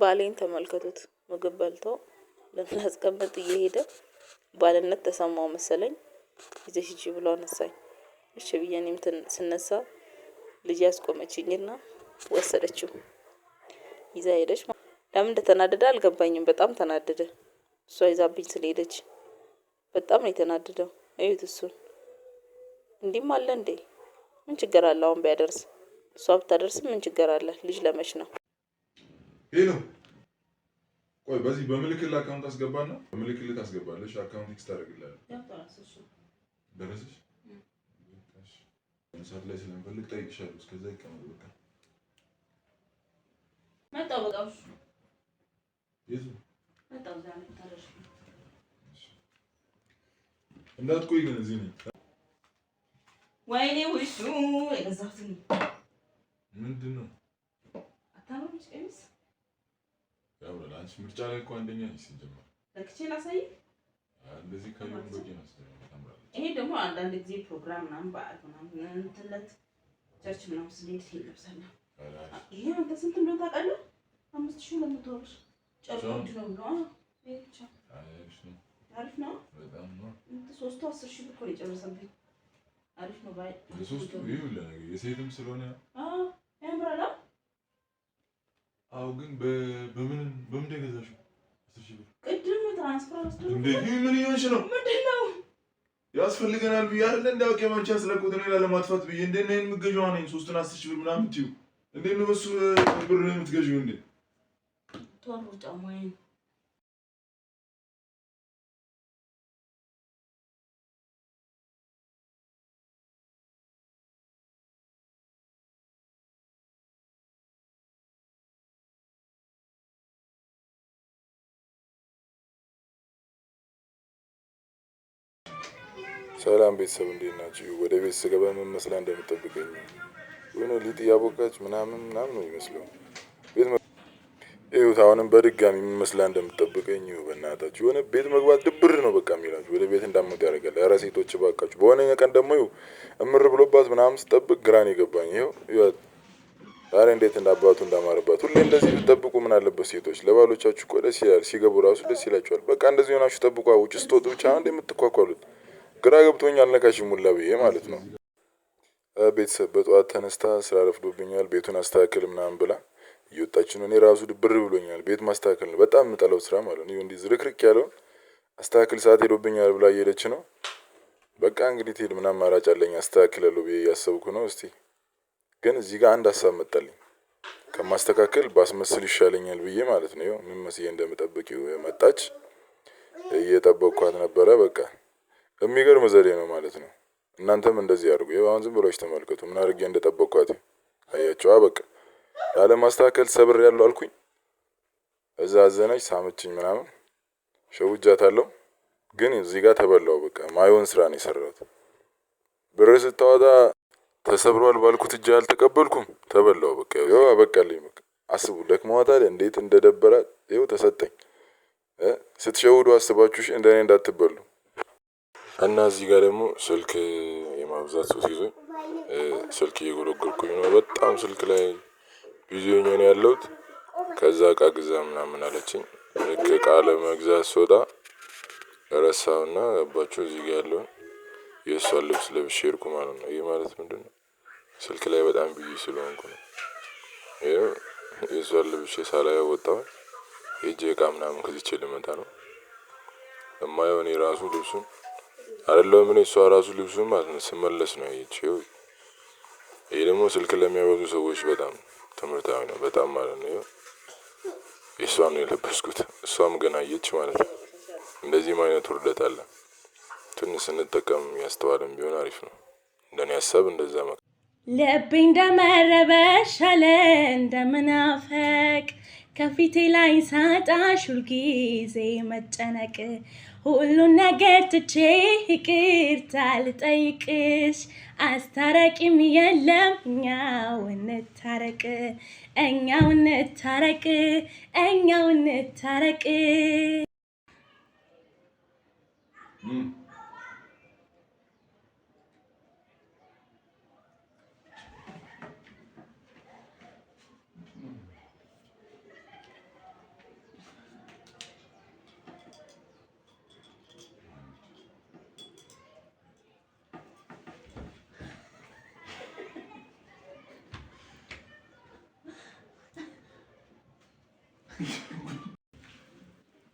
ባሌን ተመልከቱት ምግብ በልቶ ለምናስቀመጥ እየሄደ ባልነት ተሰማው መሰለኝ ይዘሽ ሂጂ ብሎ አነሳኝ። እሺ ብዬ እኔም ስነሳ ልጅ ያስቆመችኝና ወሰደችው ይዛ ሄደች። ለምን እንደተናደደ አልገባኝም። በጣም ተናደደ። እሷ ይዛብኝ ስለሄደች በጣም ነው የተናደደው። እዩት እሱን። እንዲህም አለ እንዴ? ምን ችግር አለ አሁን ቢያደርስ እሷ ብታደርስም ምን ችግር አለ? ልጅ ለመች ነው ይሄ ቆይ በዚህ በምልክል አካውንት አስገባና በምልክል ታስገባለሽ። አካውንት ኤክስ ታደርግላለህ። ደረሰሽ ሰዓት ላይ ስለምፈልግ ጠይቅሻለሁ። እስከዛ ይቀመጥ በቃ እንዳትቆይ ግን እዚህ ነኝ። ወይኔ ውሹ የገዛሁት ምንድን ነው? አንቺ ምርጫ ላይ እኮ አንደኛ ነሽ። ሲጀመር ለክቼ ላሳይ እንደዚህ ከሚሆን በቂ ነው። ይሄ ደግሞ አንዳንድ ጊዜ ፕሮግራም ምናምን በዓል ምናምን እንትለት ቸርች ምናምን ስንሄድ ይለብሳል። ይሄ አንተ ስንት እንደሆነ ታውቃለህ? አምስት ሺህ ነው የምትወርሽ። ጨርቁ ነው ነው አሪፍ ነው በጣም ነው። ሶስቱ አስር ሺህ ብር እኮ ነው የጨረሰብኝ። አሪፍ ነው ባይ የሴትም ስለሆነ ያምራል አዎ ግን በምን በምን ገዛሽ? ቅድም ትራንስፈር ወስዶ ምን ነው? ምንድን ነው ያስፈልገናል ብዬ አይደለ ማንቻ የማንቺ ያስለቁት ሌላ ለማጥፋት ብዬ እንደ ነው የምትገዢው? ነኝ ሶስትና አስር ሺህ ብር ምናምን ትዩ እንዴ ነው በሱ ብር የምትገዢው? እንዴ ቶሎ ጫማዬን ሰላም ቤተሰብ እንዴት ናችሁ? ወደ ቤት ስገባ ምን መስላ እንደምጠብቀኝ የሆነ ሊጥ እያቦካች ምናምን ምናምን ነው ይመስለው ቤት ይኸውት አሁንም በድጋሚ ምን መስላ እንደምጠብቀኝ በእናታችሁ። የሆነ ቤት መግባት ድብር ነው በቃ የሚላችሁ ወደ ቤት እንዳትመጡ ያደርጋል። ኧረ ሴቶች እባካችሁ። በሆነ ቀን ደግሞ ይኸው እምር ብሎባት ምናምን ስጠብቅ ግራን የገባኝ ይኸው ዛሬ እንዴት እንዳባቱ እንዳማረባት። ሁሌ እንደዚህ ብትጠብቁ ምን አለበት ሴቶች? ለባሎቻችሁ እኮ ደስ ይላል። ሲገቡ ራሱ ደስ ይላቸዋል። በቃ እንደዚህ ሆናችሁ ጠብቋ። ውጭ ስትወጡ ብቻ ነው የምትኳኳሉት። ግራ ገብቶኝ አልነካሽም ሁላ ብዬ ማለት ነው። ቤተሰብ በጠዋት ተነስታ ስራ ረፍዶብኛል ቤቱን አስተካክል ምናምን ብላ እየወጣች ነው። እኔ ራሱ ድብር ብሎኛል። ቤት ማስተካከል ነው በጣም የምጠላው ስራ ማለት ነው። እንዲህ ዝርክርክ ያለውን አስተካክል ሰዓት ሄዶብኛል ብላ እየሄደች ነው። በቃ እንግዲህ ትሄድ ምን አማራጭ አለኝ? አስተካክላለሁ ብዬ እያሰብኩ ነው። እስቲ ግን እዚህ ጋር አንድ ሀሳብ መጣልኝ። ከማስተካከል ባስመስል ይሻለኛል ብዬ ማለት ነው። ምን መስዬ እንደምጠብቅ መጣች። እየጠበቅኳት ነበረ በቃ የሚገርም ዘዴ ነው ማለት ነው። እናንተም እንደዚህ አድርጉ። ይኸው አሁን ዝም ብሎች ተመልከቱ። ምን አድርጌ እንደጠበቅኳት በቃ አበቃ ላለማስተካከል ሰብር ያለው አልኩኝ። እዛ አዘነች፣ ሳመችኝ፣ ምናምን አለው። ግን እዚህ ጋር ተበላው። በቃ ማይሆን ስራ ነው የሰራት። ብር ስታወጣ ተሰብሯል ባልኩት እጅ አልተቀበልኩም። ተበላው። በቃ ይኸው አበቃልኝ። በቃ አስቡ፣ ደክመዋታል። እንዴት እንደደበራት ይኸው ተሰጠኝ። ስትሸውዱ አስባችሁ እንደኔ እንዳትበሉ። እና እዚህ ጋር ደግሞ ስልክ የማብዛት ሱስ ይዞኝ ስልክ እየጎረጎርኩኝ ነው። በጣም ስልክ ላይ ቢዚ ሆኜ ነው ያለሁት። ከዛ እቃ ግዛ ምናምን አለችኝ። ልክ እቃ ለመግዛት ስወጣ ረሳሁና ገባችሁ እዚህ ጋር ያለውን የእሷን ልብስ ለብሼ ሄድኩ ማለት ነው። ይህ ማለት ምንድን ነው? ስልክ ላይ በጣም ቢዚ ስለሆንኩ ነው። ይኸው የእሷን ለብሼ ሳላየው ወጣሁ። የእጅ እቃ ምናምን ከዚች ልመጣ ነው። የማየው የራሱ ልብሱን አይደለም እኔ እሷ ራሱ ልብሱ ማለት ነው ስመለስ ነው ያየችው። ይሄ ደግሞ ስልክ ለሚያበዙ ሰዎች በጣም ትምህርታዊ ነው፣ በጣም ማለት ነው። የእሷ ነው የለበስኩት፣ እሷም ገና አየች ማለት ነው። እንደዚህም አይነት ውርደት አለ። ትንሽ ስንጠቀም ያስተዋልም ቢሆን አሪፍ ነው። እንደኔ ሀሳብ እንደዛ መ ልቤ እንደመረበሽ አለ እንደምናፈቅ ከፊቴ ላይ ሳጣሽ ሁልጊዜ መጨነቅ ሁሉን ነገር ትቼ ይቅርታ ልጠይቅሽ አስታራቂም የለም እኛው እንታረቅ እኛው እንታረቅ እኛው እንታረቅ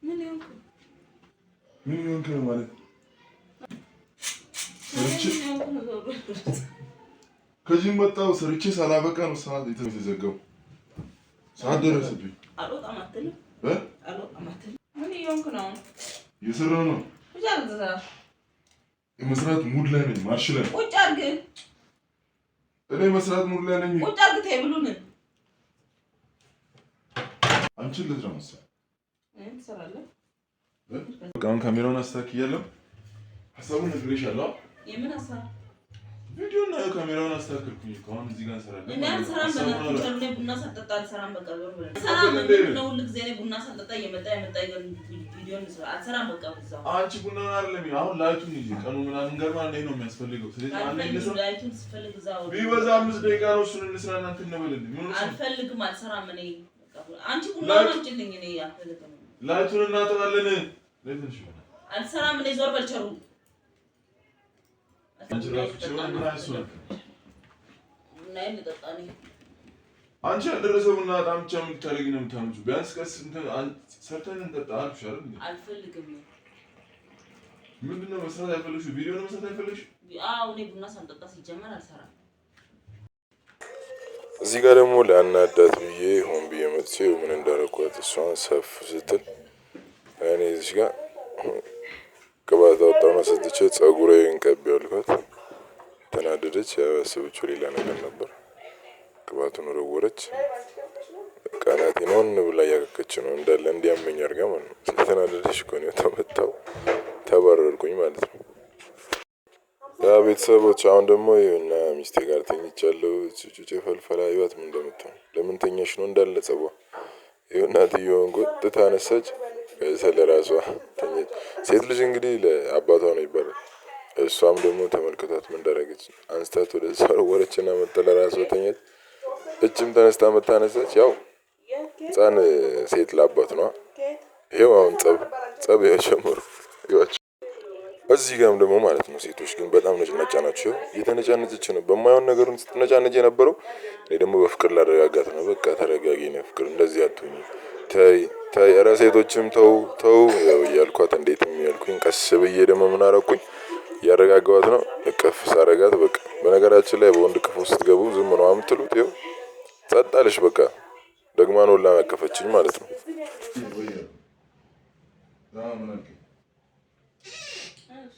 ምን ይሆንክ ነው ማለት ከዚህም መጣሁ ሰርቼ ሳላበቃ ነው ሰዓት የተዘጋው። ሰዓት ደረሰብኝ። እየሰራሁ ነው። የመስራት ሙድ ላይ ነኝ። ማርሽ ላይ እኔ መስራት ሙድ ላይ ነኝ። አንቺን ልጅ ነው መሰለኝ። አሁን ካሜራውን አስተካክያለሁ። ሀሳቡን ነግሬሻለሁ። የምን ሀሳብ ቪዲዮ ካሜራውን አስተካክልኩኝ። ከአሁን እዚህ ጋር እንሰራለን። እኔ ቡና በቃ ቡና በቃ አንቺ ቡና አይደለም አሁን ላይቱን ይዤ ቀኑ ምናምን ገርማ እንደ ነው የሚያስፈልገው። ስለዚህ ቢበዛ አምስት ደቂቃ ነው እሱን እንስራ እና እንበልልኝ። አልፈልግም፣ አልሰራም እኔ አንቺ ቡና ላይቱን እናጠራለን። ለምን አልሰራም። እኔ ዞር በል አንቺ ያልደረሰ ቡና በጣም ብቻ የምታደርጊ ነው የምታምጪው። ቢያንስ ቀስ ሰርተን እንጠጣ አልኩሽ አይደል? አልፈልግም። ምንድን ነው መስራት ያልፈለግሽው? ቪዲዮ ነው መስራት ያልፈለግሽው? አዎ እኔ ቡና ሳንጠጣ ሲጀመር አልሰራም። እዚህ ጋር ደግሞ ላናዳት ብዬ ሆን ብዬ መጥቼ ምን እንዳረኳት እሷን ሰፍ ስትል እኔ እዚህ ጋር ቅባት አወጣና ሰጥቼ ጸጉሬን እንቀብ ያልኳት ተናደደች። ያሰበችው ሌላ ነገር ነበር። ቅባቱን ወረወረች። ቀናቴ ነው ብላ እያከከች ነው እንዳለ እንዲያመኝ አድርጋ ማለት ነው። ስለተናደደች እኮ ተመታው ተባረርኩኝ ማለት ነው። ያ ቤተሰቦች አሁን ደግሞ ይኸውና ሚስቴ ጋር ተኝቻለሁ ጩጬ ፈልፈላ ይወት ምን እንደምትሆን ለምን ተኛሽ ነው እንዳለ ጸባዋ ይኸው እናትየውን ጎትታ አነሳች ከዛ ለራሷ ተኛች ሴት ልጅ እንግዲህ ለአባቷ ነው ይባላል እሷም ደግሞ ተመልክቷት ምን እንዳደረገች አንስታት ወደዛ ወረወረችና መታ ለራሷ ተኛች እችም ተነስታ መታ ያው ህፃን ሴት ለአባት ነዋ ይሄው አሁን ጸብ ጸብ ያው ጀመሩ እዚህ ጋም ደግሞ ማለት ነው ሴቶች ግን በጣም ነጭናጫ ናቸው። እየተነጫነጨች ነው በማይሆን ነገሩን ስትነጫነጭ የነበረው። እኔ ደግሞ በፍቅር ላረጋጋት ነው። በቃ ተረጋጊ፣ ነው ፍቅር እንደዚህ አትሁኝ፣ ተይ ተይ፣ ኧረ ሴቶችም ተው ተው ያው እያልኳት እንዴት የሚያልኩኝ ቀስ ብዬ ደግሞ ምን አረኩኝ እያረጋጋኋት ነው። እቅፍ ሳረጋት በቃ በነገራችን ላይ በወንድ ቅፍ ስትገቡ ዝም ነው አምትሉት። ይኸው ጸጥ አለች። በቃ ደግማ ነው ላናቀፈችኝ ማለት ነው።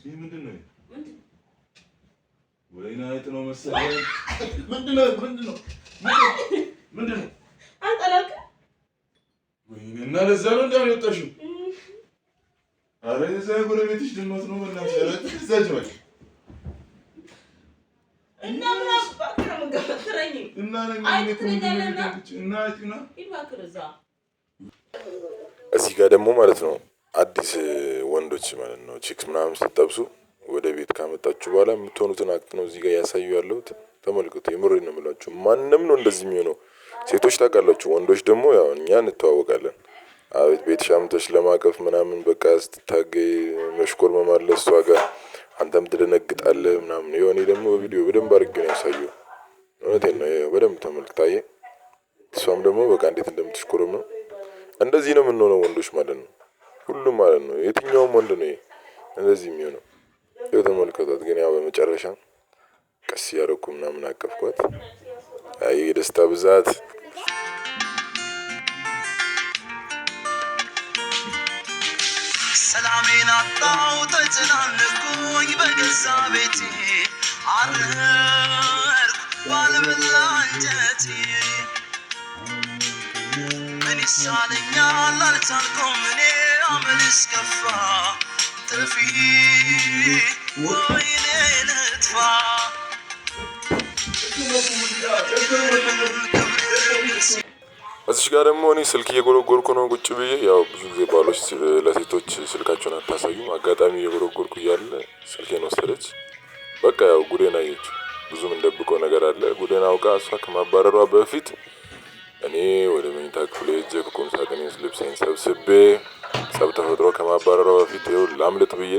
ይህ ምንድን ነው? ወይኔ አይጥ ነው መሰለኝ። ምንድን ነው? ምንድን ነው? ምንድን ነው? አንጠላልክም? ወይኔ እና ለዛ ነው እንደ አልወጣሽም። ኧረ የዛ የጎረቤትሽ ድመት ነው በእናትሽ። ኧረ ትዛጅ በቃ እና ምን አባክህ ነው የምትገፈትረኝ? እና አይጥ ትለኛለህ እና ይባክህ እዛ እዚህ ጋር ደግሞ ማለት ነው አዲስ ወንዶች ማለት ነው ቺክስ ምናምን ስትጠብሱ ወደ ቤት ካመጣችሁ በኋላ የምትሆኑትን አክት ነው እዚህ ጋር ያሳዩ ያለሁት ተመልክቱ፣ የምሬ ነው የምላችሁ። ማንም ነው እንደዚህ የሚሆነው። ሴቶች ታውቃላችሁ፣ ወንዶች ደግሞ ያው እኛ እንተዋወቃለን። አቤት ቤት አምጥተሽ ለማቀፍ ምናምን በቃ ስትታገይ መሽኮርመም መማለስ እሷ ጋር አንተም ትደነግጣለህ ምናምን። የሆነ ደግሞ በቪዲዮ በደንብ አድርጌ ነው ያሳየው። እውነቴን ነው በደንብ ተመልክታዬ። እሷም ደግሞ በቃ እንዴት እንደምትሽኮርም ነው። እንደዚህ ነው የምንሆነው ወንዶች ማለት ነው። ሁሉም ማለት ነው የትኛውም ወንድ ነው ይሄ እንደዚህ የሚሆነው ይኸው ተመልከቷት። ግን ያው በመጨረሻ ቀስ እያደረኩ ምናምን አቀፍኳት። አይ የደስታ ብዛት ሰላሜን አጣው ተጨናነኩኝ በገዛ ቤቴ አረርኩ ባልበላ እንጀት ምን ይሻለኛል አልቻልኩም እኔ እዚህ ጋር ደግሞ እኔ ስልክ እየጎረጎርኩ ነው ቁጭ ብዬ። ያው ብዙ ጊዜ ባሎች ለሴቶች ስልካቸውን አታሳዩም። አጋጣሚ እየጎረጎርኩ እያለ ስልኬን ወሰደች። በቃ ያው ጉዴን አየች። ብዙም እንደብቀው ነገር አለ። ጉዴን አውቃ እሷ ከማባረሯ በፊት እኔ ወደ መኝታ ክፍሌ ሄጄ ከቁም ሳጥኔ ልብሴን ሰብስቤ ጸብ ተፈጥሮ ከማባረሯ በፊት ይኸው ላምልጥ ብዬ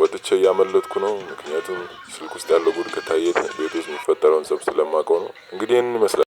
ወጥቼ እያመለጥኩ ነው። ምክንያቱም ስልክ ውስጥ ያለው ጉድ ከታየት ቤት ውስጥ የሚፈጠረውን ጸብ ስለማውቀው ነው። እንግዲህ ይህንን ይመስላል።